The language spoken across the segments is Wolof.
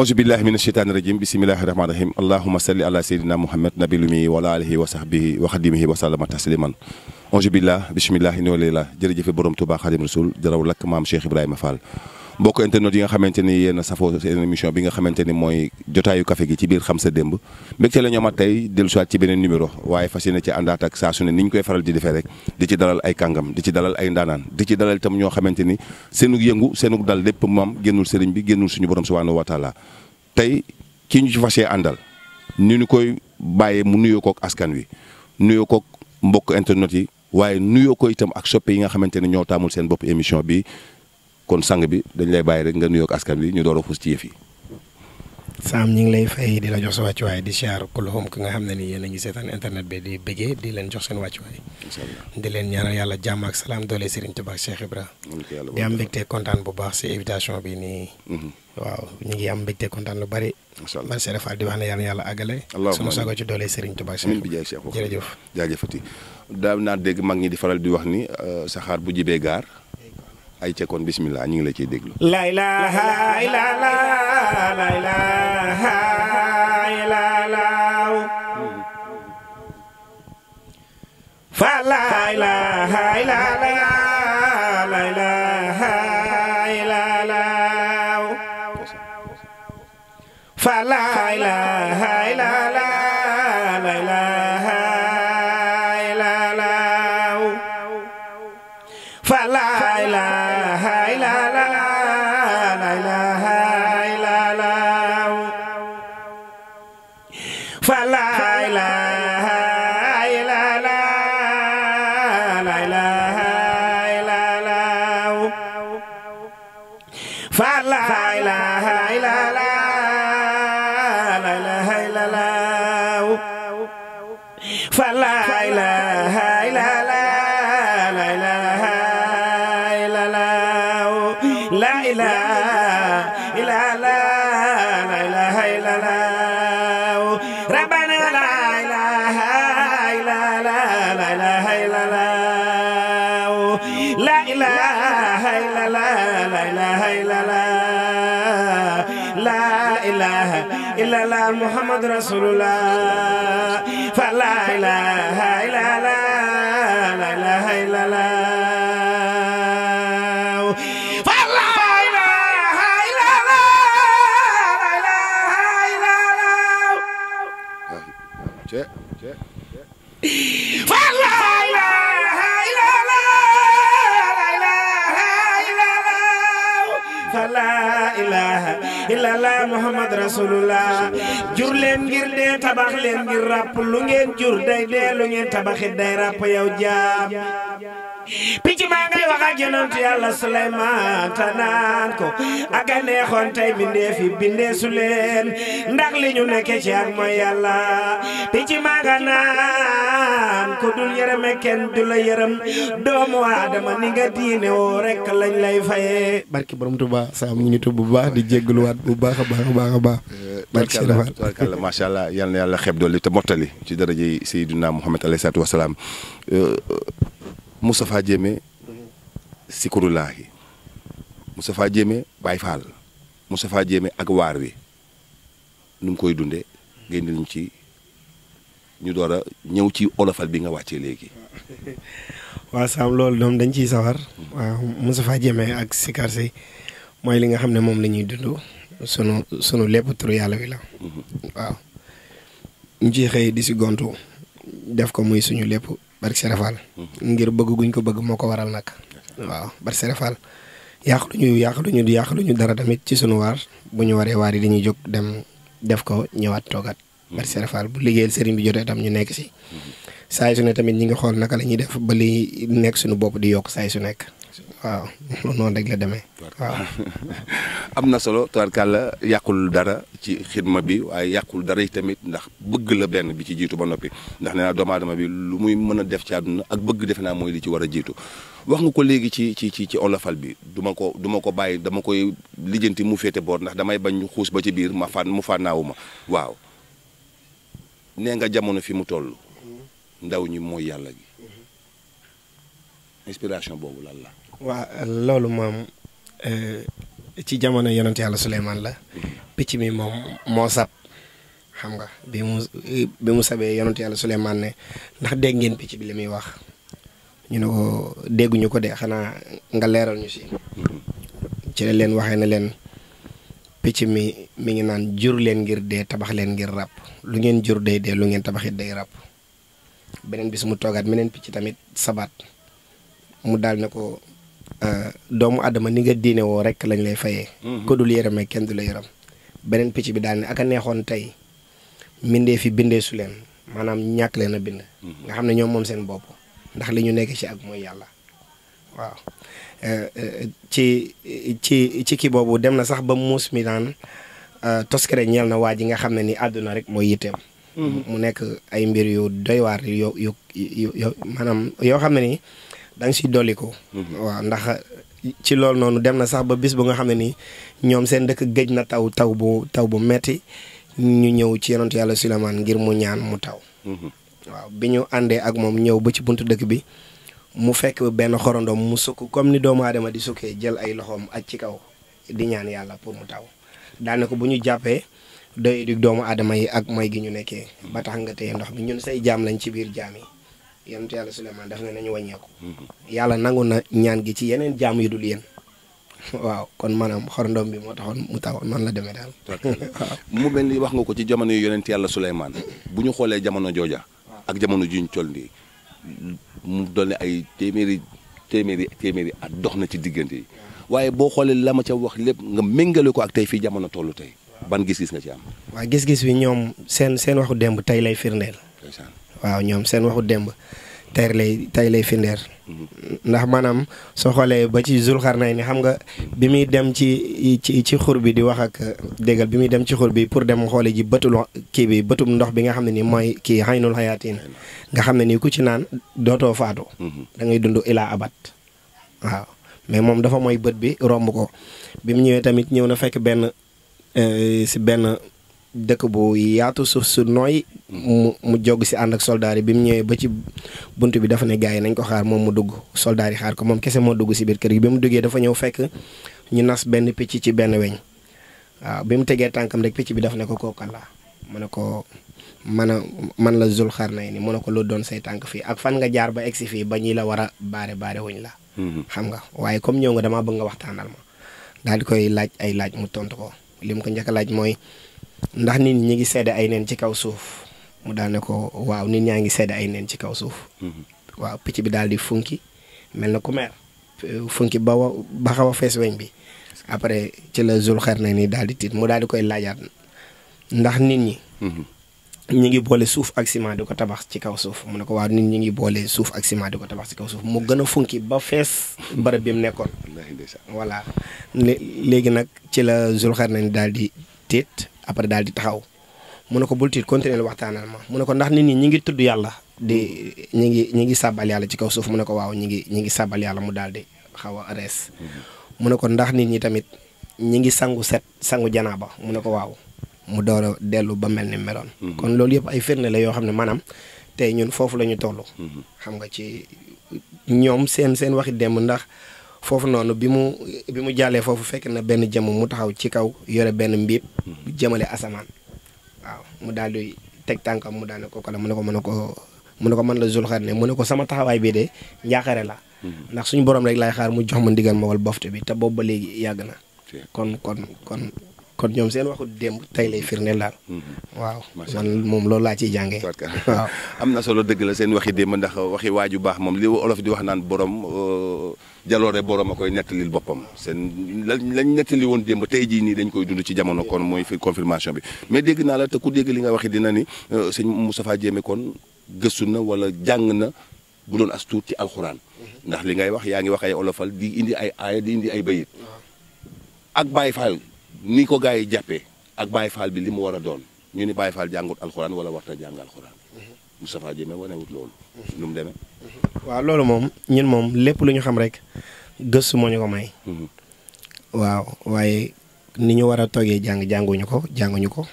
أعوذ بالله من الشيطان الرجيم بسم الله الرحمن الرحيم اللهم صل على سيدنا محمد نبي لمي ولا عليه وصحبه وخدمه وسلم تسليما أعوذ بالله بسم الله إنه الله جري جفي بروم توبا خادم رسول جرى مام شيخ إبراهيم فال mbokk internet yi nga xamante ni yéen a safoo seen émission bi nga xamante ni mooy jotaayu café gi ci biir xam sa démb mbégte la ñoomat tey dellu siwaat ci beneen numéro waaye fas yéene ci àndaat ak saa ne ni ñu koy faral di defee rek ci dalal ay kàngam di ci dalal ay ndaanaan di ci dalal itam ñoo xamante ni seenug yëngu seenug dal lépp moom génnul sëriñ bi génnul suñu borom subhanahu wa taala tey ki ñu ci fas àndal ni ñu koy bàyyee mu nuyoo kook askan wi nuyoo kook mbokk internet yi waaye nuyoo ko itam ak soppe yi nga xamante ne ñoo taamul seen bopp émission bi kon sang bi dañ lay bàyyi rek nga nuyoog askan bi ñu door a xuus ci yëf Sam ñu lay fay di la jox sa wàccuwaay di siyaar kulluhum ki nga xam ne ni yéen a ngi internet bi di bëggee di leen jox seen wàccuwaay. di leen ñaanal yàlla jàmm ak salaam doole Serigne Touba ak Cheikh Ibra. di am mbégte kontaan bu baax si invitation bi nii. Mhm. waaw ñu ngi am mbégte kontaan lu bari. macha allah man Serigne Fall di wax ne yàlla yàlla àggale. alhamdulilah sunu sago ci doole Serigne Touba ak Cheikh Ibra. jërëjëf jaajëfati. daaw naa dégg mag ñi di faral di wax ni euh, saxaar bu jibee gaar ay ca bismillah ñu ngi la ciy déglu. la ilaha illallah la ilaha fa la ilaha illallah la ilaha fa la ilaha illallah la محمد رسول الله فلا إله rasulullah jur leen ngir dee tabax leen ngir ràpp lu ngeen jur day dee lu ngeen tabaxit day ràpp yow jaam Pichi maa ngay wax ak Sulaiman yàlla ya Suleymaan te naan ko ak a neexoon tey fi binde sulen Ndak li ñu nekke ci ak mooy yàlla ya picc maa nga naan ko dul yërëme kenn du la yërëm doomu aadama ni nga diine rek lañ lay fayee barki borom tuba saa ñu tudd bu baax di jéggaluwaat bu baax baax baax baax barki si dafa tubaarkàlla allah yalla yalla xeb xeeb te mottali ci daraje sayyiduna Muhammad alayhi salaatu wasalaam euh, Moustapha Diémé Sikurulaahi Moustapha Diémé Baye Fall Moustapha Diémé ak waar wi nu mu koy dunde ngeen di ñu ci ñu door ñëw ci olofal bi nga wàccee léegi. waaw Sam loolu doom dañ ciy sawar. waaw Moustapha Diémé ak Sikar si mooy li nga xam ne moom la ñuy dund sunu sunu lépp turu yàlla wi la. Mhm. waaw ñu xëy di si gontu def ko muy suñu lépp. barke Serigne ngir bëgg guñ ko bëgg moo ko waral nag. waaw barke Serigne Fall yàq ñu yàq lu ñu yàq lu ñu dara tamit ci suñu waar bu ñu waree waar yi dañuy jóg dem def ko ñëwaat toogaat. barke Serigne bu liggéeyal sëriñ bi jotee tam ñu nekk si. saay su ne tamit ñu ngi xool naka la ñuy def ba li nekk suñu bopp di yokk saay su nekk. waaw noonu rek la demee am na solo tubaarkàlla yàqul dara ci xidma bi waaye yàqul dara yi tamit ndax bëgg la benn bi ci jiitu ba noppi ndax nee naa doomu aadama bi lu muy mën a def ci àdduna ak bëgg defe naa mooy li ci war a jiitu wax nga ko léegi ci ci ci ci olofal bi duma ko du ko bàyyi dama koy lijjanti mu féete boor ndax damay bañ xuus ba ci biir ma mu fànnaawu ma waaw nee nga jamono fi mu toll ndaw ñi mooy yàlla gi mm-hmm. inspiration boobu lan la. waa loolu moom eh, ci jamono yonent yàlla Suleymaan la picc mi moom moo sab xam nga bi mu sabee yonent yàlla Suleymaan ne ndax dégg ngeen picc bi li muy wax ñu ne ko dégguñu ko de xanaa nga leeral ñu si ci la leen waxee na leen picc mi mu ngi naan jur leen ngir dee tabax leen ngir ràpp lu ngeen jur day de lu ngeen tabaxit day ràpp beneen bis mu toogaat meneen picc tamit sabaat mu daal ne ko Euh, doomu adama ni nga diine woo rek lañ lay fayee. Mhm. ko dul yërëmee kenn du la yërëm. beneen picc bi daal ne ak a neexoon tey mbindee fi bindee su leen maanaam ñàkk leen a bind. Mhm. nga xam ne ñoom moom seen bopp ndax li ñu nekk ci ak mooy yàlla waaw. Euh, euh, ci ci ci kii boobu dem na sax ba muus mi naan toskere ñeel na waa ji nga xam ne ni àdduna rek mooy yitteem. Mhm. mu nekk ay mbir yu doy waar yu yu yu maanaam yoo xam ne ni. danga nga siy dolli ko. waaw ndax ci loolu noonu dem na sax ba bis bu nga xam ne ni ñoom seen dëkk géej na taw taw bu taw bu metti ñu ñëw ci yonent yàlla Suleymaan ngir mu ñaan mu taw. Mhm. waaw bi ñu àndee ak moom ñëw ba ci buntu dëkk bi mu fekk benn xorondoom mu sukk comme ni doomu aadama di sukkee jël ay loxoom ak ci kaw di ñaan yàlla pour mu taw daanaka bu ñu jàppee doy doomu aadama yi ak may gi ñu nekkee ba tax nga téye ndox mi ñun say jaam lañ ci biir jaam yi. yonent yàlla Suleymaan def na nañu wàññeeku mhm. yàlla nangu na ñaan gi ci yeneen jaam yu dul yéen waaw kon maanaam xorndom bi moo taxoon mu taxoon noonu la demee mu mel ni wax nga ko ci jamono yu yonent yàlla Suleymaan bu ñu xoolee jamono jooja ak jamono juñ col nii mu doon ay téeméeri téeméeri téeméeri at dox na ci diggante yi waaye boo xoolee la ma ca wax lépp nga méngale ko ak tey fii jamono tollu tey ban gis-gis nga ci am waaw gis-gis bi ñoom seen seen waxu démb tey lay firndeel waaw ñoom seen waxu démb tey lay tey lay findeer ndax maanaam soo xoolee ba ci yi ni xam nga bi muy dem ci ci ci xur bi di wax ak déggal bi muy dem ci xur bi pour dem xoole ji bëtul kii bi bëtum ndox bi nga xam ne nii mooy kii xaynul xayaatin nga xam ne nii ku ci naan dootoo faatu da ngay dund ilaa abat waaw mais moom dafa mooy bët bi romb ko bi mu ñëwee tamit ñëw na fekk benn euh, si benn dëkk bu yaatu suuf su nooy mu mu jog si ànd ak soldaar yi bi mu ñëwee ba ci bunt bi dafa ne gars yi nañ ko xaar moom mu dugg soldaar yi xaar ko moom kese moo dugg si biir kër gi bi mu duggee dafa ñëw fekk ñu nas benn picc ci benn weñ waaw bi mu tegee tànkam rek picc bi dafa ne ko kookal la mu ne ko man a man la zul xar nay ni mu ne ko lu doon say tànk fii ak fan nga jaar ba egsi fii ba ñuy la war a baare baare wuñ la mm-hmm. xam nga waaye comme ñëw nga damaa bëgg nga waxtaanal ma daal di koy laaj ay laaj mu tontu ko li ko njëkk laaj mooy ndax nit ñi ngi sedde ay nen ci kaw suuf mu daal ne ko waaw nit ñaa ngi sedde ay nen ci kaw suuf mhm. waaw picc bi daal di funki mel na ku meer funki ba wa ba xaw fees weñ bi après ci la zul xer na ni daal di tiit mu daal di koy laajaat ndax nit ñi mhm. ngi boole suuf ak ciment ko tabax ci kaw suuf mu ne ko waaw nit ñi ngi boole suuf ak ciment di suuf mu gën a ba fees barab bi mu nekkoon voilà léegi nag ci la zul xer na daal di tiit après dal di taxaw munako ne ko bul ma munako ndax nit ñi ñi ngi tuddu yalla di ñi ngi ñi ngi sabbal yalla ci kaw suuf munako waaw ñi ngi ñi ngi sabbal yalla mu dal di xawa munako ndax nit ñi tamit ñi ngi sangu set sangu janaba munako waaw mu door delu ba melni meron mhm. kon lool yep ay firnde la yoo xam ne maanaam ñun fofu lañu tollu mhm. xam nga ci ñom seen seen waxi dem ndax foofu noonu bi mu bi mu jàllee foofu fekk na benn jëmm mu taxaw ci kaw yore benn mbiib jëmale asamaan waaw mu daal di teg tànkam mu daal ne ko kala mu ne ko mën a ko mu ne ko man la ne mu ne ko sama taxawaay bii de njaaxare la mm-hmm. ndax suñu borom rek laay xaar mu jox ma ndigal ma wal bofte bi te boobu ba léegi yàgg na kon kon kon kon ñoom seen waxu démb tey lay firndeel daal. Mm-hmm. waaw man moom loolu laa ciy jànge waaw am na solo dëgg la seen waxi démb ndax waxi waaju baax moom li olof di wax naan borom euh, jaloore borom a koy nettalil boppam seen lañ lañ nettali woon démb tey jii nii dañ koy dund ci jamono kon mooy fi confirmation bi mais dégg naa la te ku dégg li nga waxi dina ni euh, sëñ Moustapha Diémé kon gëstu na wala jàng na. bu doon as tuut ci alxuraan mm-hmm. ndax li ngay wax yaa ngi wax ay olofal di indi ay aaya ay bayit mm-hmm. ni ko gaa yi jàppee ak Baye Fall bi li mu war a doon ñu ni Baye Fall jàngut alxuraan wala warta jàng alxuraan Moustapha Diémé wanewut loolu nu mu demee waaw loolu moom ñun moom lépp lu ñu xam rek gëstu moo ñu ko may mhm. waaw waaye ni ñu war a toogee jàng jànguñu ko jànguñu ko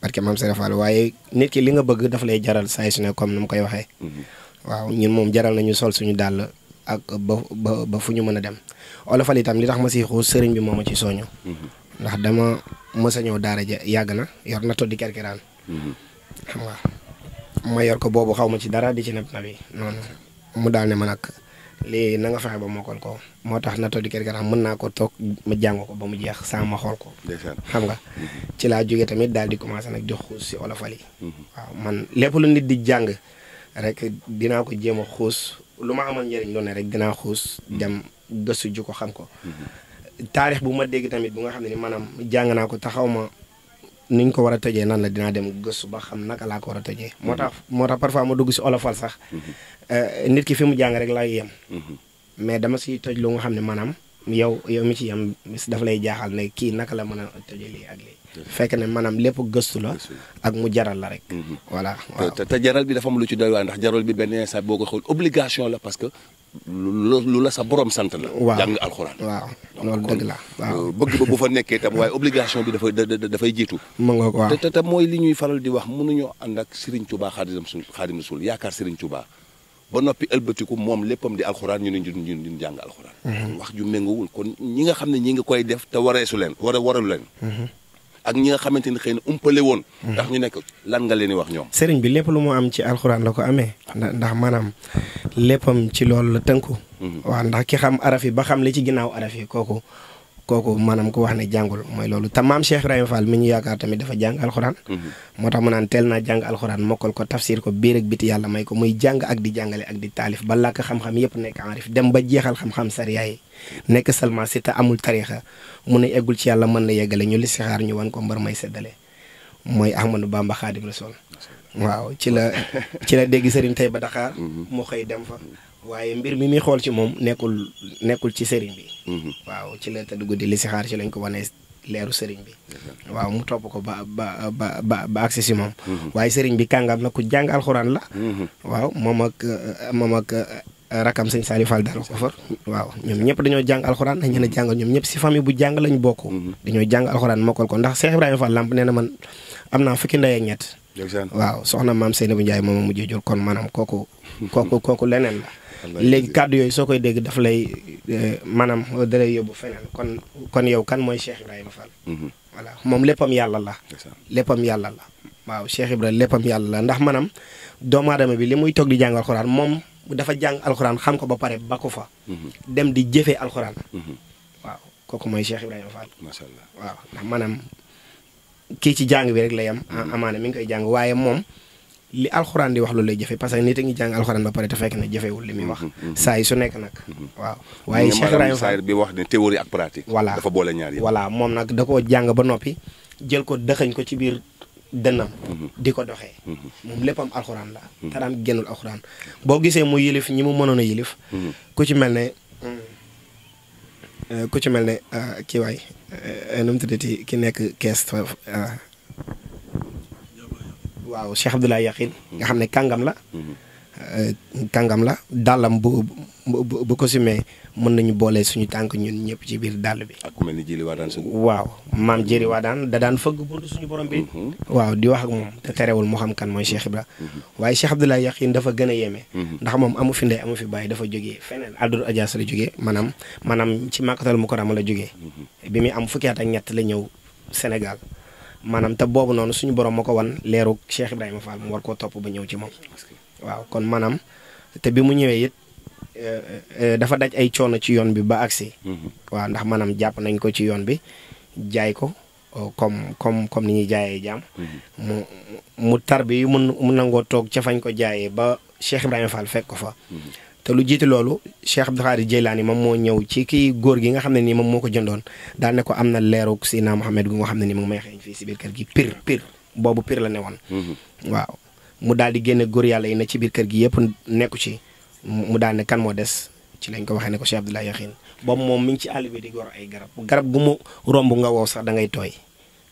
parce que maam Serap Fall waaye nit ki li nga bëgg daf lay jaral saa su ne comme ni mu koy waxee mhm. waaw ñun moom jaral nañu sol suñu dàll ak ba ba fu ñu mën a dem olofal itam li tax ma si sëriñ bi moom a ci soñu mhm. ndax dama mësa ñëw daara ja yàgg na yor na tuddi kerkeraan mhm. xam nga ma yor ko boobu xawma ci dara di ci nabi noonu mu daal ne ma nag lii na nga fexe ba mokkal ko moo tax natto di mën naa ko toog ma jàng ko ba mu jeex saa ma xool ko xam nga mhm. ci laa jóge tamit daal di commencé nag di xuus si olofal yi mhm. waaw man lépp lu nit di jàng rek dinaa ko jéem a xuus lu ma amal njëriñ lu ne rek dinaa xuus dem gëstu ju ko xam ko taarix bu ma dégg tamit bu nga xam ne ni maanaam jàng naa ko taxaw ma niñ ko war a tojee nan la dinaa dem gëstu ba xam naka laa ko war a tojee. moo mhm. tax moo tax parfois ma dugg si olofal sax. Mhm. Euh, nit ki fi mu jàng rek laay yem. Mhm. mais dama siy toj loo nga xam ne maanaam. yow yow mi ci yam daf lay jaaxal ne kii naka la mën a tëjee lii ak lii. fekk ne maanaam lépp gëstu la. ak mu jaral la rek. Mhm. voilà waaw te jaral bi dafa am lu ci doy waar ndax jaral bi benn sax boo ko xool obligation la parce que lu la sa borom sant la. waaw jàng alxuraan. waaw loolu dëgg la waaw euh, bëgg ba bu fa nekkee tam waaye obligation bi dafay dafay jiitu. mu nga te te mooy li ñuy faral di wax mënuñoo ànd ak Serigne Touba Xaadimu Rasuul yaakaar Serigne Touba. ba noppi ëlbatiku moom léppam di alxuraan ñu ne ñun ñu ñun jàng alxuraan. Mhm. wax ju méngawul kon ñi nga xam ne ñi ngi koy def te wareesu leen. war a waralu leen. Mhm. ak ñi nga xamante ni xëy na umpale woon. Mhm. ndax ñu nekk lan nga leen di wax ñoom. sëriñ bi lépp lu mu am ci alxuraan la ko amee. ndax maanaam léppam ci loolu la tënku. waaw ndax ki xam araf yi ba xam li ci ginnaaw araf yi kooku. kooku maanaam ko wax ne jàngul mooy loolu te maam Cheikh Ibrahima ñu yaakaar tamit dafa jàng alxuraan. Mhm. moo tax mu naan teel naa jàng alxuraan mokkal ko tafsir ko biir ak biti yàlla may ko muy jàng ak di jàngale ak di taalif ba làkk xam-xam yëpp nekk arif dem ba jeexal xam-xam sariya nekk seulement si amul tariixa mu ne eggul ci yàlla mën la yeggale ñu listixaar ñu wan ko mbar may seddale mooy Ahmadou Bamba Xaadim Rasul waaw ci la ci la dégg sëriñ tey ba Dakar. Mhm. mu xëy dem fa waaye mbir mi muy xool ci moom nekkul nekkul ci sëriñ bi Mm-hmm. waaw ci la tëdd guddi li si xaar ci lañ ko wanee leeru sëriñ bi mm-hmm. waaw mu topp ko ba ba ba ba ba agsi si moom mm-hmm. waaye sëriñ bi kàngam na ku jàng alxuraan la waaw moom ak moom ak uh, rakam sëñ Saliou Fall daal ko far waaw ñoom ñëpp dañoo jàng alxuraan dañ leen a jàngal ñoom ñëpp si famille bu jàng lañ bokk dañoo jàng alxuraan mokkal ko ndax Cheikh fa Fall Lamp nee na man am naa fukki ndey ak ñett waaw soxna maam Seynabou Ndiaye moom a mujjee jur kon maanaam kooku kooku kooku leneen la léegi kàddu yooyu soo koy dégg dafa lay euh, maanaam da lay yóbbu feneen kon kon yow kan mooy Cheikh Ibrahima Fall. Mhm. voilà moom léppam yàlla la. léppam yàlla la waaw Cheikh Ibrahima léppam yàlla la ndax maanaam doomu aadama bi li muy toog di jàng alxuraan moom dafa jàng alxuraan xam ko ba pare ba ko fa. Mhm. dem di jëfee alxuraan. Mhm. waaw kooku mooy Cheikh Ibrahima Fall. macha waaw ndax maanaam kii ci jàng bi rek la yam amaana mi ngi koy jàng waaye moom. li alxuraan di wax loolu lay jëfe parce que nit a ngi jàng alxuraan ba pare te fekk na jëfewul li muy wax. Mm-hmm, mm-hmm. saa yi su nekk nag. Mm-hmm. waaw waaye Cheikh Ibrahima Fall bi wax ne théorie ak pratique. voilà dafa boole ñaar yi. voilà moom nag da koo jàng ba noppi jël ko dëxañ ko ci biir dënnam. di ko doxee. moom léppam alxuraan la. te daan génnul alxuraan boo gisee mu yilif ñi mu mënoon a yilif. ku ci mel ne. Mm, eh, ku ci mel ne eh, kii waay eh, nu mu tuddati ki nekk kees waaw Cheikh Abdoulaye Yakhine nga xam ne kàngam la. Mm-hmm. Euh, kàngam la dàllam bu bu bu ko simee mën nañu boolee suñu tànk ñun ñëpp ci biir dàll bi. ak ku mel ni Jëri Waadaan waaw maam Jëri Waadaan da daan fëgg buntu suñu borom bi. Mm-hmm. waaw di wax ak moom te terewul moo xam kan mooy Cheikh Ibra. Mm-hmm. waaye Cheikh Abdoulaye Yakhine dafa gën a yéeme. ndax moom amu fi ndey amu fi bàyyi dafa jógee feneen Aldul Ajaas la jógee maanaam maanaam ci Makkatal Mukarrama la jóge bi muy am fukki at ak ñett la ñëw Sénégal. maanaam te boobu noonu suñu borom ma ko wan leerug Cheikh Ibrahima Fall mu war koo topp ba ñëw ci moom. waaw kon maanaam te bi mu ñëwee it eh, eh, dafa daj ay coono ci yoon bi ba agsi mhm. waaw ndax maanaam jàpp nañ ko ci yoon bi jaay ko oh, comme comme comme ni ñuy jaayee jaam. Mhm. mu mu tar bi mu nangoo toog ca fañ ko jaayee ba Cheikh Ibrahima Fall fekk ko fa. Mhm. te lu jiiti loolu Cheikh Abdou Khadre Jeylaani moom moo ñëw ci kii góor gi nga xam ne nii moom moo ko jëndoon daal ne ko am na leeru Seydina Muhammad gu nga xam ne nii mu ngi may xeeñ fii si biir kër gi pir pir boobu pir la ne woon mm-hmm. waaw mu daal di génne góor yàlla yi na ci biir kër gi yëpp nekku ci mu daal ne kan moo des ci lañ ko waxee ne ko Cheikh Abdoulaye Yaxin boobu moom mi ngi ci àll bi di gor ay garab garab gu mu romb nga wow sax da ngay tooy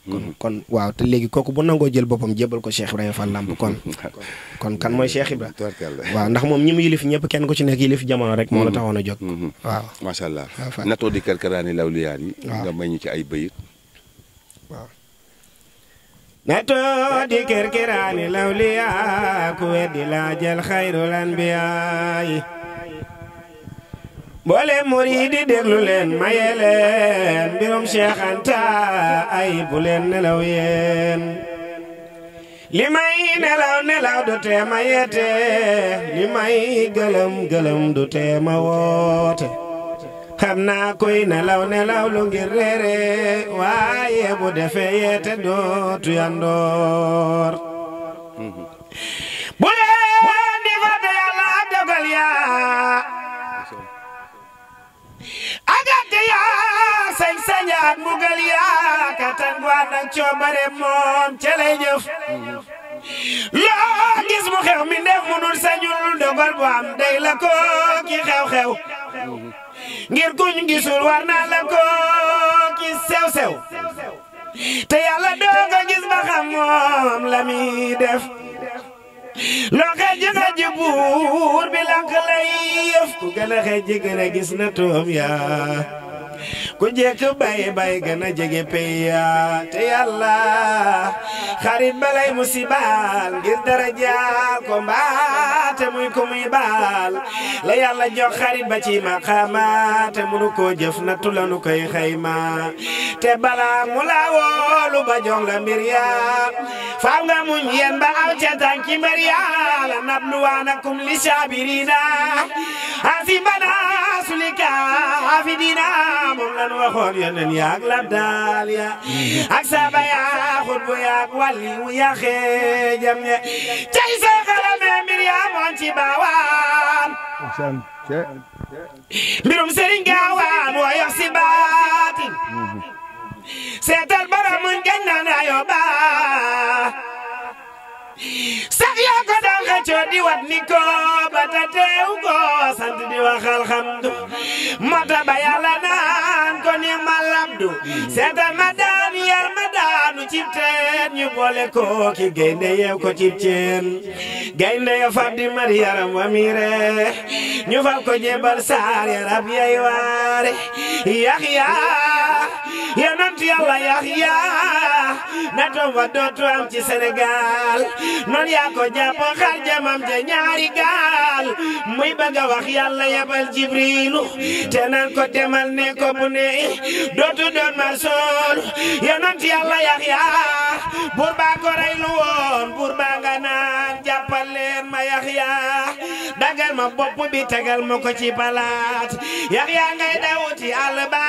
kon kon waaw te léegi kooku bu nangoo jël boppam jébal ko Cheikh Ibrahima Fall lamb kon. kon kan mooy Cheikh Ibra waaw ndax moom ñi mu yilif ñëpp kenn ko ci nekk yilif jamono rek. moo la mm-hmm. taxoon a jóg. Mm-hmm. waaw macha allah. nato di karkaraani lawliyaar yi. nga may ñu ci ay bëyit. waaw. nato di karkaraani lawliyaa ku weddi laa jël xayrul anbiyaa yi mboole muriidi déglu leen maye leen mbirum ay bu leen li may nelaw nelaw du tee yeete li may gëlëm gëlëm du tee woote xam naa kuy nelaw nelaw lu ngir reere waaye bu defee yeete dootu yandoor yaa sañ saña ak mbugal yaa katan gu ànd ak coobare moom ca lay loo gis mu xew mi ndef munul sañul dogal bu am day la ko ki xew-xew ngir kuñ gisul war naa la ko ki sew-sew te yàlla doo ko gis ba xam moom la mi def loo xeej nga ji buur bi lànk lay yëf ku gën a gën a gis na toom yaa ku jekk bay bay gën a jege peya te yàlla xarit balay musibal ngir daraja ko mbaate muy ko baal la yàlla jox xarit ba ci maqaama te munu koo jëf na tulanu koy xayma te balaa mu la woolu ba jong la mbir yaa faaw nga muñ yeen ba aw ca tànki mbir yaa la nabluwaanakum li saabiriina asibana sulika afidina moom lan waxoon yonen yaak labdaal ya ak saaba yaa xutbu yaak waliwu ya xeejam ya cay see xalame mbir yaa moon ci baawaan mbirum sëriñ gaawaan woyox si baatin seetal baramuñ gañ naan rayo ba sax yaa di wat ni ko ba ta teew di wax alxamdu mata ba naan ko ni ma labdu seetal ma daan yar ma daanu ci teen ñu boole ko ki gaynde yeew ko ci ceen gaynde ya fab di mar wa miire ñu fab ko jebal saar yarab yay waare yaxya yonent yàlla Yaxya natoom wa dootu am ci Sénégal noon yaa ko jàpp xar jamam ja ñaari gaal muy bëgg a wax yàlla yabal te naan ko demal ne ko bu ne dootu doon ma sool yonent yàlla Yaxya buur baa ko reylu woon buur baa nga naan jàppal ma yaxya dagal ma bopp bi tegal ma ko ci balaat yaxya ngay dawuti àll ba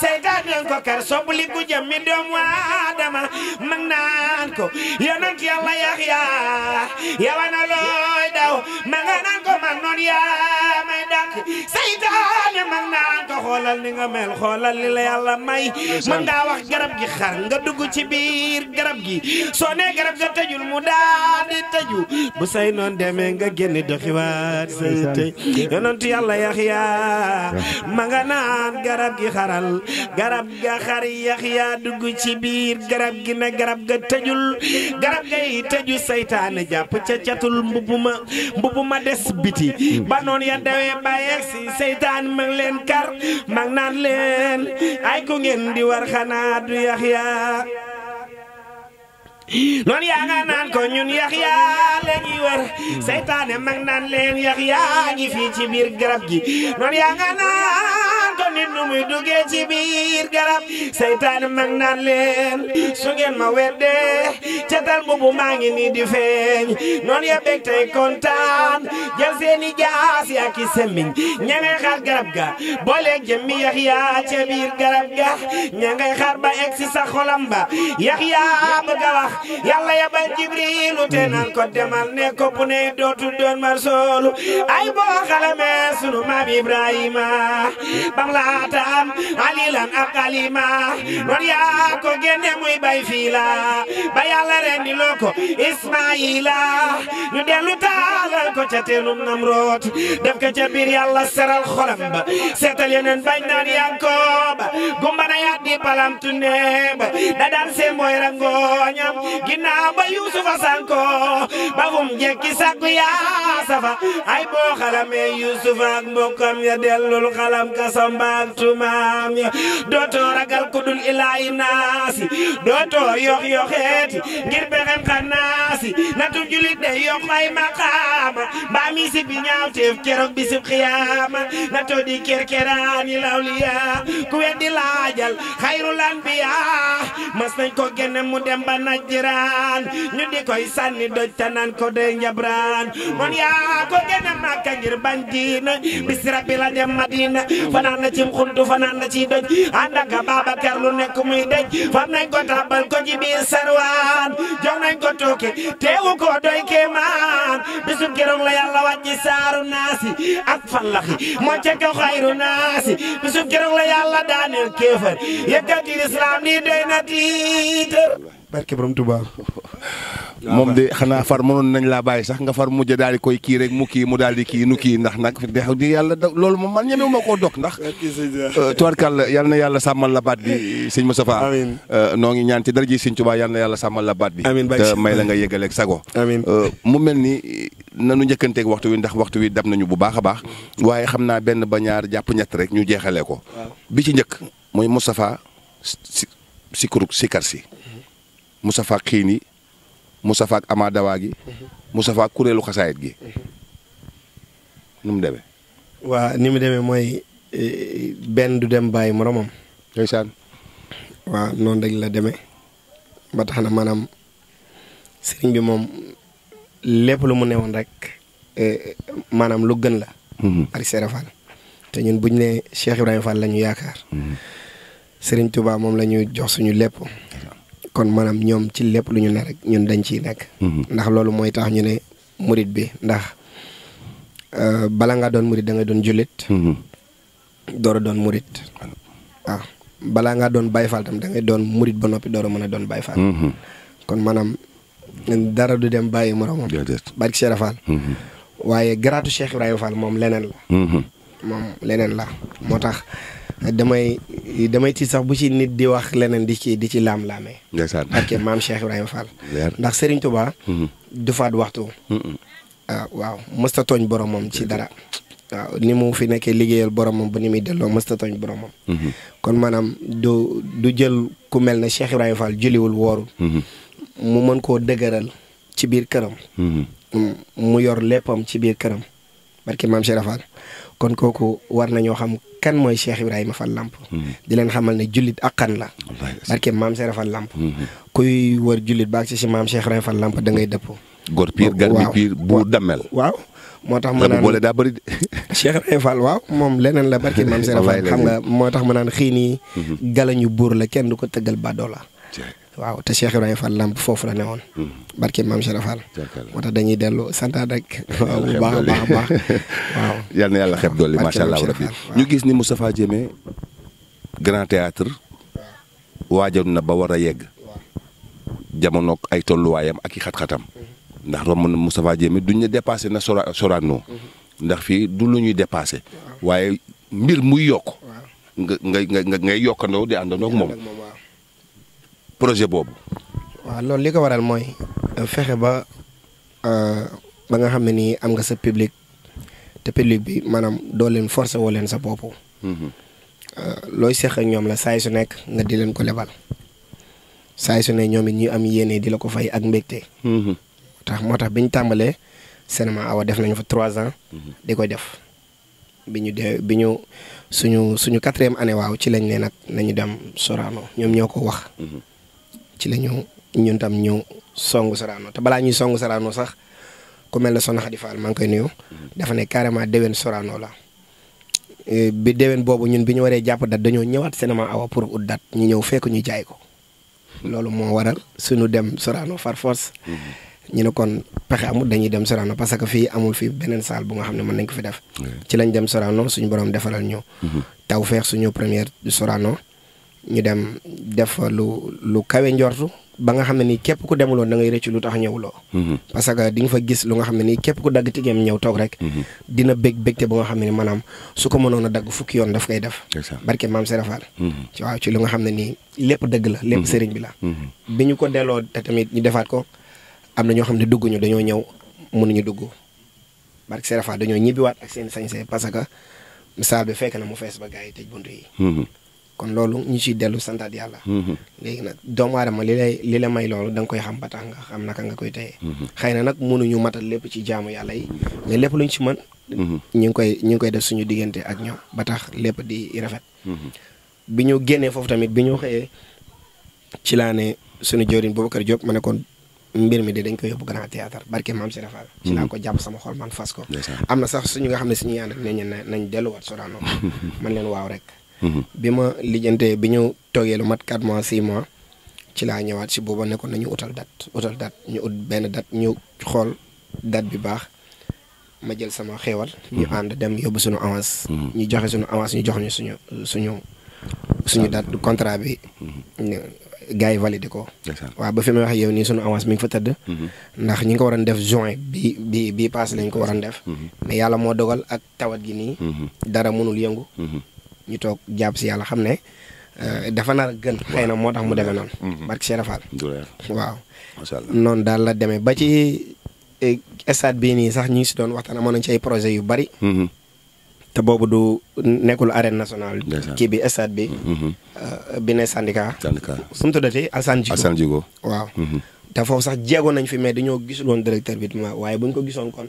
seytaan leen ko kar sobli ku jëm mi doomu aadama mag naan ko yonent yàlla yaxya yawana looy daw ma nga naan ko mag noon yaa may dàkk seytaane mag naan ko xoolal ni nga mel xoolal li la yàlla may mën ngaa wax garab gi xar nga dugg ci biir garab gi soo nee garab ga tëjul mu daa tëju bu say noon demee nga génn doxiwaat say tëj yonentu yàlla yaxya ma nga naan garab gi xaral garab ga xar yaxya dugg ci biir garab gi ne garab ga tëjul garab gay tëju saytaane jàpp ca catul mbubuma mbubuma des biti ba noon ya dawee si saytaan ma leen kar mag naan leen ay ko ngeen di war xanaa du yaxya noon yaa nga naan ko ñun Yaxya la ñuy wër seytaane mag naan leen Yaxya ngi fii ci biir garab gi noon yaa nga naan ko nit nu muy duggee ci garab seytaane mag naan leen su ma weddee catal mbubu maa ngi nii di feeñ noon ya bég tey kontaan jël seeni jaas yaa ki semmiñ ña ngay xaar garab ga booleeg jëmmi Yaxya ca biir garab ga ña ngay xaar ba egg si sa xolam ba Yaxya Ya yabal jibrilu te nan ko demal ne ko pune do tudon mar solo ay bo xalame sunu maam ibrahima bangla tam alilan akalima non ya ko génne muy bay la ba yalla rendi loko ismaila ñu dellu taalal ko ca namrot rot def ka ca bir yalla seral xolam ba setal yenen bañ naan yankooba di palam tunne ba dadar seen mooy rangooñam ginnaaw ba yuusufa sanko ba fum jekki sakku yaa safa ay boo xalamee yuusufa mbokkam ya dellul xalam ka sambaak tumaam ya dootoo ragal ku dul ilaahi naasi dootoo yox yoxeeti ngir pexem xa naasi natu julit de yox ay maqaama mbaa mi bi ñaaw teef keroog bisib xiyaama natoo di kerkeraani lawliyaa ku weddi laajal xayrul anbiyaa mas nañ ko génne mu dem jiraan ñu di koy sànni doj ta naan ko dey njabraan mon yaa ko gëna màkka ngir bañ diina bis rabbi la dem madina fanaan na cim xuntu fanaan ci doj ànd ak Babakar lu nekk muy dej fam ko tàbbal ko ci biir sarwaan jox ko tooke teewu ko doy kéemaan bisu keroog la yàlla wàcci saaru naasi ak fallaxi moo ca xayru naasi bisu keroog la yàlla daaneel kéefar yëkkati lislaam ni doy na tiitar barke borom Tuubaa moom de xanaa far mënoon nañ laa bàyyi sax nga far mujj daal di koy kii rek mu kii mu daal di kii nu kii ndax nag dex di yàlla loolu moom man ñemewu ma koo dog ndax euh, tubaarkàlla yal na yàlla sàmmal la baat bi sëñ Moustapha amiin euh, noo ngi ñaan ci dara ji sëñ Tuubaa yàlla sàmmal baat bi te may la nga yëgaleeg sago euh, mu mel ni nanu njëkkanteek waxtu wi ndax waxtu wi dab nañu bu baax a baax waaye xam naa benn ba ñaar jàpp ñett rek ñu jeexalee ko bi ci njëkk mooy Moustapha si sikarsi Moustapha ak xiin yi Moustapha gi. Moustapha ak kuréelu xasaayit gi. nu mu demee. waa ni mu demee mooy e, benn du dem bàyyi moromam. ndeysaan. waaw noonu rek la demee ba na maanaam sëriñ bi moom lépp lu mu newoon rek e, maanaam lu gën la. Mhm. Ari Seera te ñun buñ ne nee Cheikh Ibrahima Fall la ñu yaakaar. Mhm. sëriñ Touba moom la ñu jox suñu lépp. kon maanaam ñoom ci lépp lu ñu ne rek ñun dañ ciy nekk. Mhm. ndax loolu mooy tax ñu ne murit bi ndax euh, bala nga doon murit dangay doon jullit. Mhm. door doon murit. waaw balaa ngaa doon Baay Faal tam da ngay doon murit ba noppi door mën a doon Baay Faal. Mhm. kon maanaam dara du dem bàyyi moromam. jërëjëf barke Cheikh waaye garaatu Cheikh Ibrahima moom leneen la. moom leneen la moo tax. damay damay tiit sax bu ci nit di wax leneen di ci di ci laam-laamee. ndeysaan ak maam Cheikh Ibrahima Fall. ndax Serigne Touba. Mm-hmm. du faat waxtu. Ah, waaw mësta tooñ boromam ci dara. ni mu fi nekkee liggéeyal boromam ba ni muy delloo mësta tooñ boromam. Mm-hmm. kon maanaam du jël ku mel ne Cheikh Ibrahima Fall julliwul woorul. Mm-hmm. mu mën koo dëgëral ci biir këram. Mm, mu yor léppam ci biir këram barki maam Cheikh kon kooku war nañoo xam kenn mooy Cheikh Ibrahima Fall Lamp hmm. di leen xamal ne jullit akkan la barke maam Cheikh Fall làmp hmm, hmm. kuy wër jullit baag si si maam Cheikh Ibrahima Fall Lamp da ngay dëpp góor piir gar bi piir buur dammel waaw moo tax ma naan boole daa bëri Cheikh Ibrahima moom leneen la barke maam Cheikh Fall xam nga moo tax ma naan xii nii galañu buur la kenn du ko tëggal badoo la Wow, te Cheikh Ibrahima Fall làmp foofu la newoon. Hmm. barke maam Cheikh Fall. moo tax dañuy dellu santaat rek. waaw bu baax a baax baax. waaw yal allah rabbi ñu gis ni Moustapha jeme grand théâtre wajon na ba wara a yegg. jamonoog ay wayam ak i xat-xatam. ndax romb na duñ na Sorano. Mm-hmm. ndax fi du lu ñuy dépassé. waaye mbir muy yokk. nga nga nga ngay di ak mom projet boobu. waaw loolu li ko waral mooy euh, fexe ba euh, ba nga xam ne nii am nga sa public te public bi maanaam doo leen forcer woo leen sa bopp. Mm-hmm. Euh, looy seq ñoom la saay su nekk nga di leen ko lebal saay su ne ñoom it ñu am yéene di la ko fay ak mbégte. Mm-hmm. tax moo tax bi ñu tàmbalee cinéma awa def nañu fa trois ans. Mm-hmm. di ko def bi ñu de bi ñu suñu suñu quatrième année waaw ci lañ ne nag nañu dem Sorano ñoom ñoo ko wax. ci la ñun tam ñu songu Sorano te balaa ñuy songu Sorano sax ku mel ne Soxna Khady Fall koy nuyu. Mm-hmm. dafa ne carrément déwén Sorano la. Eh, bi déwén boobu ñun bi ñu waree dat dañoo ñëwaat cinéma awa pour ut dat ñu ñëw fekk ñu jaay ko. Mm-hmm. loolu moo waral suñu dem Sorano far force. Mm-hmm. ñu ne kon amul dañuy dem Sorano parce que fi amul fi beneen salle bu nga xam nañ ko fi def. ci lañ dem Sorano suñu borom defaral ñu. taw suñu première Sorano. ñu dem def lu lu kawe njortu ba nga xam ne ni képp ku demuloo da ngay ci lu tax ñëwuloo. Mhm. parce que di nga fa gis lu nga xam ne nii képp ku dagg tigeem ñëw toog rek. Mhm. dina bég bégte bu nga xam ne nii maanaam su ko mënoon a dagg fukki yoon daf koy def. barke maam Serap Fall. Mhm. ci waaw ci lu nga xam ne nii lépp dëgg la. lépp sëriñ bi la. bi ñu ko delloo te tamit ñu defaat ko am na ñoo xam ne dugguñu dañoo ñëw mënuñu dugg barke Serap dañoo ñibbiwaat ak seen sañse parce que misaal bi na mu fees ba gars yi tëj yi. kon loolu ñu ciy dellu santaat yàlla. Mm-hmm. léegi nag doomu aadama li lay li la may loolu danga koy xam ba tax nga xam naka nga koy téye. Mm-hmm. xëy na nag mënuñu matal lépp ci jaamu yàlla yi. Mm-hmm. mais lépp luñ ci mën. ñu ngi koy ñu ngi koy def suñu diggante ak ñoom ba tax lépp di rafet. bi ñu génnee foofu tamit bi ñu xëyee ci laa ne suñu jëwriñ Boubacar Diop ma ne ko mbir mi de dañ koy yóbbu Grand Théâtre barke maam si rafal ci laa ko jàpp sama xol man fas ko. am na sax suñu nga xam ne suñu yaanu nañ nañ delluwaat Sorano man leen waaw rek. bi ma lijjante bi ñu toogee lu mat 4 mois 6 mois ci laa ñëwaat si booba nekkoon nañu utal date utal date ñu ut benn date ñu xool dat bi baax ma jël sama xéewal ñu mhm. ànd dem yóbbu suñu avance. Mhm. ñu joxe suñu avance ñu jox ñu suñu suñu suñu date contrat bi. Mhm. gars yi validé ko. waaw ba fi ma wax yow nii suñu avance mi ngi fa tëdd. ndax ñu ngi ko waroon def join bi bi bii passé lañ ko waroon def. mais yàlla moo dogal ak tawat gi nii. dara mënul yëngu. ñu toog jàpp si yàlla xam ne euh, dafa naa gën. xëy na moo tax mu demee noonu. Mm-hmm. Mm-hmm. barke Cheikh Fall. waaw. macha noonu daal la demee ba ci eh, stade bi nii sax ñu ngi si doon waxtaan amoon nañ ci ay projet yu bari. Mm-hmm. te boobu du nekkul arène nationale. kii bi stade bi. Euh, bi ne syndicat. syndicat su mu tuddati Alsane Djigo Alsane Djigo waaw. te foofu sax jéego nañ fi mais dañoo gisul woon directeur bi waaye bu ñu ko gisoon kon.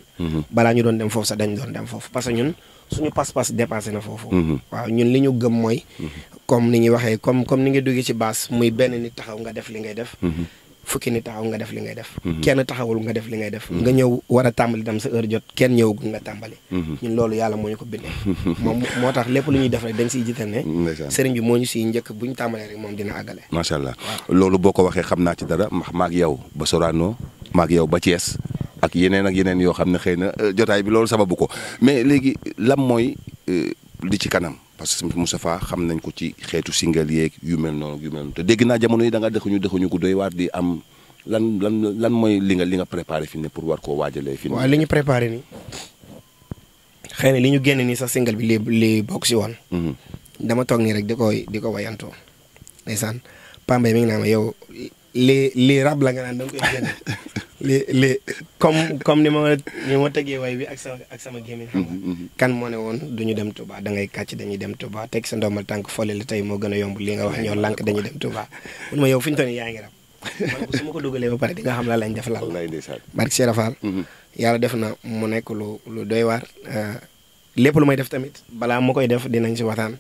balaa ñu doon dem foofu sax dañ doon dem foofu parce que ñun. suñu pas-pas dépassé na foofu. Mhm. waaw ñun li ñu gëm mooy. Mhm. comme ni ñuy waxee comme comme ni nga duggee ci baas muy benn nit taxaw nga def li ngay def. Mhm. fukki nit taxaw nga def li ngay def. kenn taxawul nga def li ngay def. nga ñëw war a tàmbali tam sa heure jot kenn ñëwagul nga tàmbali. ñun loolu yàlla moo ñu ko bindee. moom moo tax lépp lu ñuy def rek dañ siy jiital ne. sëriñ bi moo ñu siy njëkk bu ñu tàmbalee rek moom dina àggale. macha allah loolu boo ko waxee xam naa ci dara max maag yow ba Sorano maag yow ba Thiès ak yeneen ak yeneen yoo xam ne xëy na euh, jotaay bi loolu sababu ko mais léegi lan mooy di euh, ci kanam parce que Moustapha xam nañ ko ci xeetu single yeeg yu mel noonu yu mel te dégg naa jamono yi da nga dëxuñu dëxuñu ko doy waat di am lan lan lan mooy li nga li nga préparé fi ne pour war koo waajalee. fi waaw li ñu préparé nii xëy na li ñu génn nii sax single bi li li bokk si woon. Mhm. dama toog nii rek di koy di ko wayantoo. ndeysaan Pambay mi ngi naan ma yow lii lii rab la nga naan da nga koy génne lii lii comme comme ni ma ni ma tegee way bi ak sama ak sama gémmiñ xam mm-hmm, nga mm-hmm. kan moo ne woon du ñu dem Touba da ngay kàcc dañuy dem Touba teg sa ndomal tànk foole la tey moo gën a yomb li nga wax ñoo lànk dañuy dem Touba mun ma yow fi ñu toll nii yaa ngi rab man su ma ko dugalee ba pare di nga xam la lañ def lan la barke Cheikh Rafal mm-hmm. yàlla def na mu nekk lu lu doy waar euh, lépp lu may def tamit balaa ma koy def dinañ si waxtaan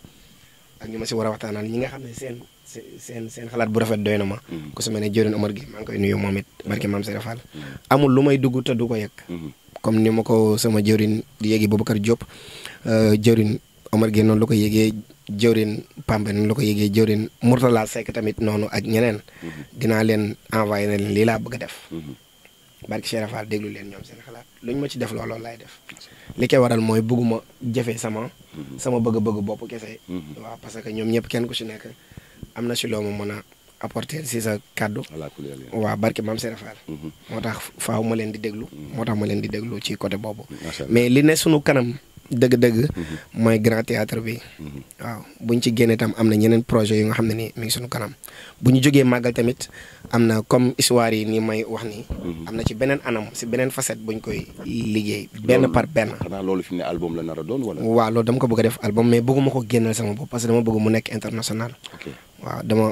ak ñu ma si war a waxtaanal ñi nga xam ne seen seen seen xalaat bu rafet doy na ma. ko su ma ne Diorine Omar gi maa ngi koy nuyu moom it barke maam Serigne Fall. Mm-hmm. amul lu may dugg te du ko yëg. Mm-hmm. comme ni ma ko sama Diorine di boobu Boubacar Diop Diorine euh, Omar gi noonu la ko yëgee Diorine Pambe noonu la ko yëgee Diorine Mourtala Seck tamit noonu ak ñeneen. Mm-hmm. dinaa leen envoyé na lii laa bëgg a def. barke Cheikh Fall déglu leen ñoom seen xalaat luñ ma ci def looloo laay def li koy waral mooy bëgguma jëfee sama sama bëgg-bëgg bopp kese. waaw parce que ñoom ñëpp kenn ku ci nekk. am na si loo ma mën a apporter si sa kàddu. waaw barke maam Serap Fall. Mm-hmm. moo tax faaw ma leen di déglu. Mm-hmm. moo tax ma leen di déglu ci côté boobu. mais li ne sunu kanam. dëgg-dëgg. Mm-hmm. mooy grand théâtre bi. waaw bu ñu ci génnee tam am na ñeneen projet yu nga xam ne nii mi ngi suñu kanam bu ñu jógee màggal tamit am na comme histoire yi nii may wax nii. am na ci beneen anam si beneen facette bu ñu koy liggéey. benn par benn. a waaw loolu dama ko bëgg a def album mais bëgguma ko génneel sama bopp parce que nekk international. waaw dama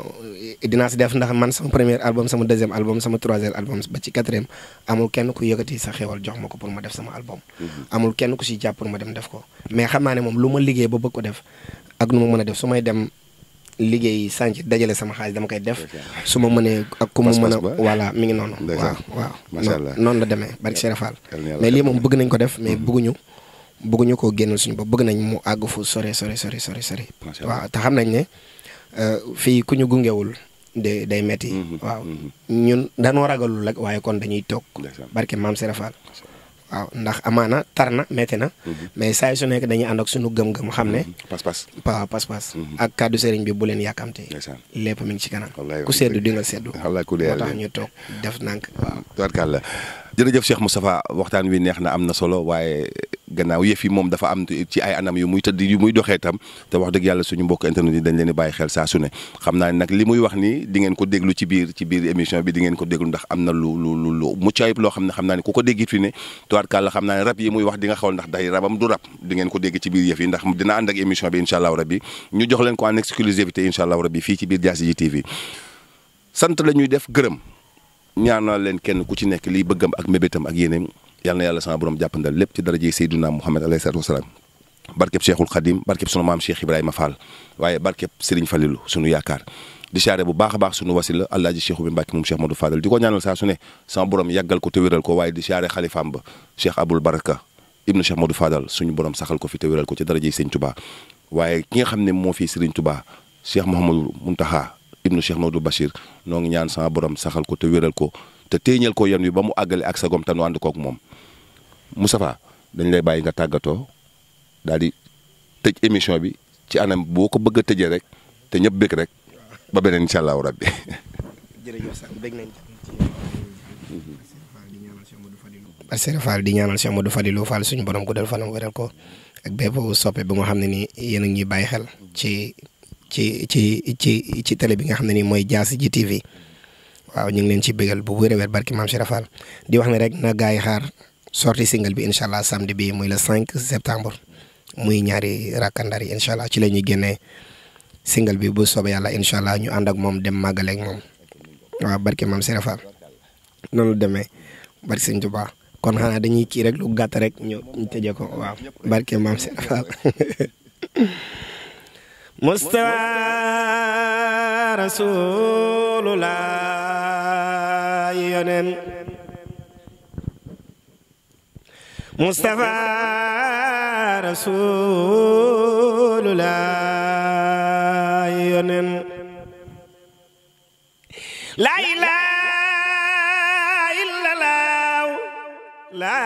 dinaa si def ndax man sama premier album sama deuxième album sama troisième album ba ci quatrième amul kenn ku yëkkati sa xéwal jox ma ko pour ma def sama album. Mm-hmm. amul kenn ku si jàpp pour ma dem def ko. mais xam naa ne moom lu ma liggéey ba bëgg ko def ak nu ma def su may dem. liggéey sànc dajale sama xaalis dama koy def su mënee ak ku ma mën a voilà mi ngi noonu waaw waaw macha allah noonu la demee barke Cheikh Fall mais lii moom bëgg nañ ko def mais mm-hmm. bëgguñu bëgguñu koo génnal suñu bopp bëgg nañ mu àgg fu sore sore sore sore sore waaw te xam nañ ne Euh, fii ku ñu gungewul de day metti mm-hmm. waaw mm-hmm. ñun danoo ragalul rek waaye kon dañuy toog barke maam Serap Fall waaw ndax amaana tar na métti na mm-hmm. mais saa su nekk dañuy ànd ak suñu gëm-gëm xam ne pas-pas waaw pas-pas ak kàddu sëriñ bi bu leen yàkkamte lépp mi ngi ci kanam ku seddu dinga nga seddu moo tax ñu toog def nànk waaw jërëjëf Cheikh Moustapha waxtaan wi neex na am na solo waaye gannaaw yëf yi moom dafa am ci ay anam yu muy tëdd yu muy doxee tam te wax dëgg yàlla suñu mbokk internet yi dañ leen di bàyyi xel saa su ne xam naa nag li muy wax ni di ngeen ko déglu ci biir ci biir émission bi di ngeen ko déglu ndax am na lu lu lu lu loo xam ne xam naa ne ku ko déggit fi ne tuwaatkaal la xam naa ne rab yi muy wax di nga xool ndax day rabam du rab di ngeen ko dégg ci biir yëf yi ndax dina ànd ak émission bi incha allahu rabbi ñu jox leen ko en exclusivité incha allahu rabbi fii ci biir sant la ñuy def gërëm ñaanal leen kenn ku ci nekk li bëggam ak mébétam ak yeneen yàlla na yàlla sama borom jàppandal lépp ci daraje Seydina Muhammad alayhi salatu wasalaam barkeb Cheikhul Khadim barkeb sunu maam Cheikh Ibrahima Fall waaye barkeb Serigne Fallilu sunu yaakaar di siyaare bu baax a baax sunu wasila Alaaji Cheikhu bi mbacke moom Cheikh Modou Fadal di ko ñaanal saa su ne sama borom yàggal ko te wéral ko waaye di siyaare xalifaam ba Cheikh Abul Baraka ibnu Cheikh Modou Fadal suñu borom saxal ko fi te wéral ko ci daraje Serigne Touba waaye ki nga xam ne moo fi Serigne Touba Cheikh Mouhamadou muntaha ibnu Cheikh Maodo Bachir noo ngi ñaan sama borom saxal ko te wéral ko te téeñal ko yan wi ba mu àggale ak sagom te nu ànd kook moom Moustapha dañ lay bàyyi nga tàggatoo daal di tëj émission bi ci anam boo ko bëgg a tëjee rek te ñëpp bëgg rek ba beneen incha allahu rabbi. jërëjëf sax bëgg di ñaanal Cheikh Modou Fadilou Fall suñu borom guddal fanam wéral ko ak bépp soppe bi nga xam ne nii yéen a ngi bàyyi xel ci. ci ci ci ci télé bi nga xam ne nii mooy Diass ji TV mm-hmm. waaw ñu ngi leen ci bégal bu wér a wér barki maam Cheikh Fall di wax ne rek na gaa yi xaar sortie single bi incha allah samedi bi muy le 5 septembre muy ñaari rakkandar yi incha ci la ñuy génne single bi bu soobee yàlla incha allah ñu ànd moom dem màggale ak moom waaw barki maam Cheikh Fall noonu demee barki sëñ Tuubaa kon xanaa dañuy kii rek lu gàtt rek ñu tëjee ko waaw barki maam Cheikh mustawa rasulullah yonen mustafa rasulullah yonen la ilaha illallah la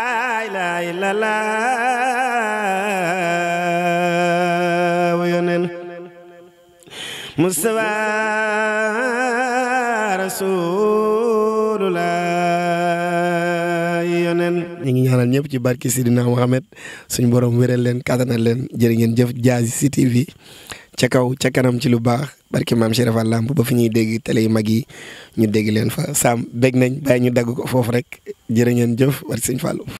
ilaha illallah Mustafa Rasulullah yonen ñu ngi ñaanal ñëpp ci barki Sidina Mohamed suñu borom wéral leen kattanal leen jërë ngeen jëf Diassigui TV ca kaw ca kanam ci lu baax barki maam Chérif Lamp ba fi ñu dégg tele yu mag yi ñu dégg leen fa Sam bég nañ bàyyi ñu dagg ko foofu rek jërë ngeen jëf war sëñ Fallou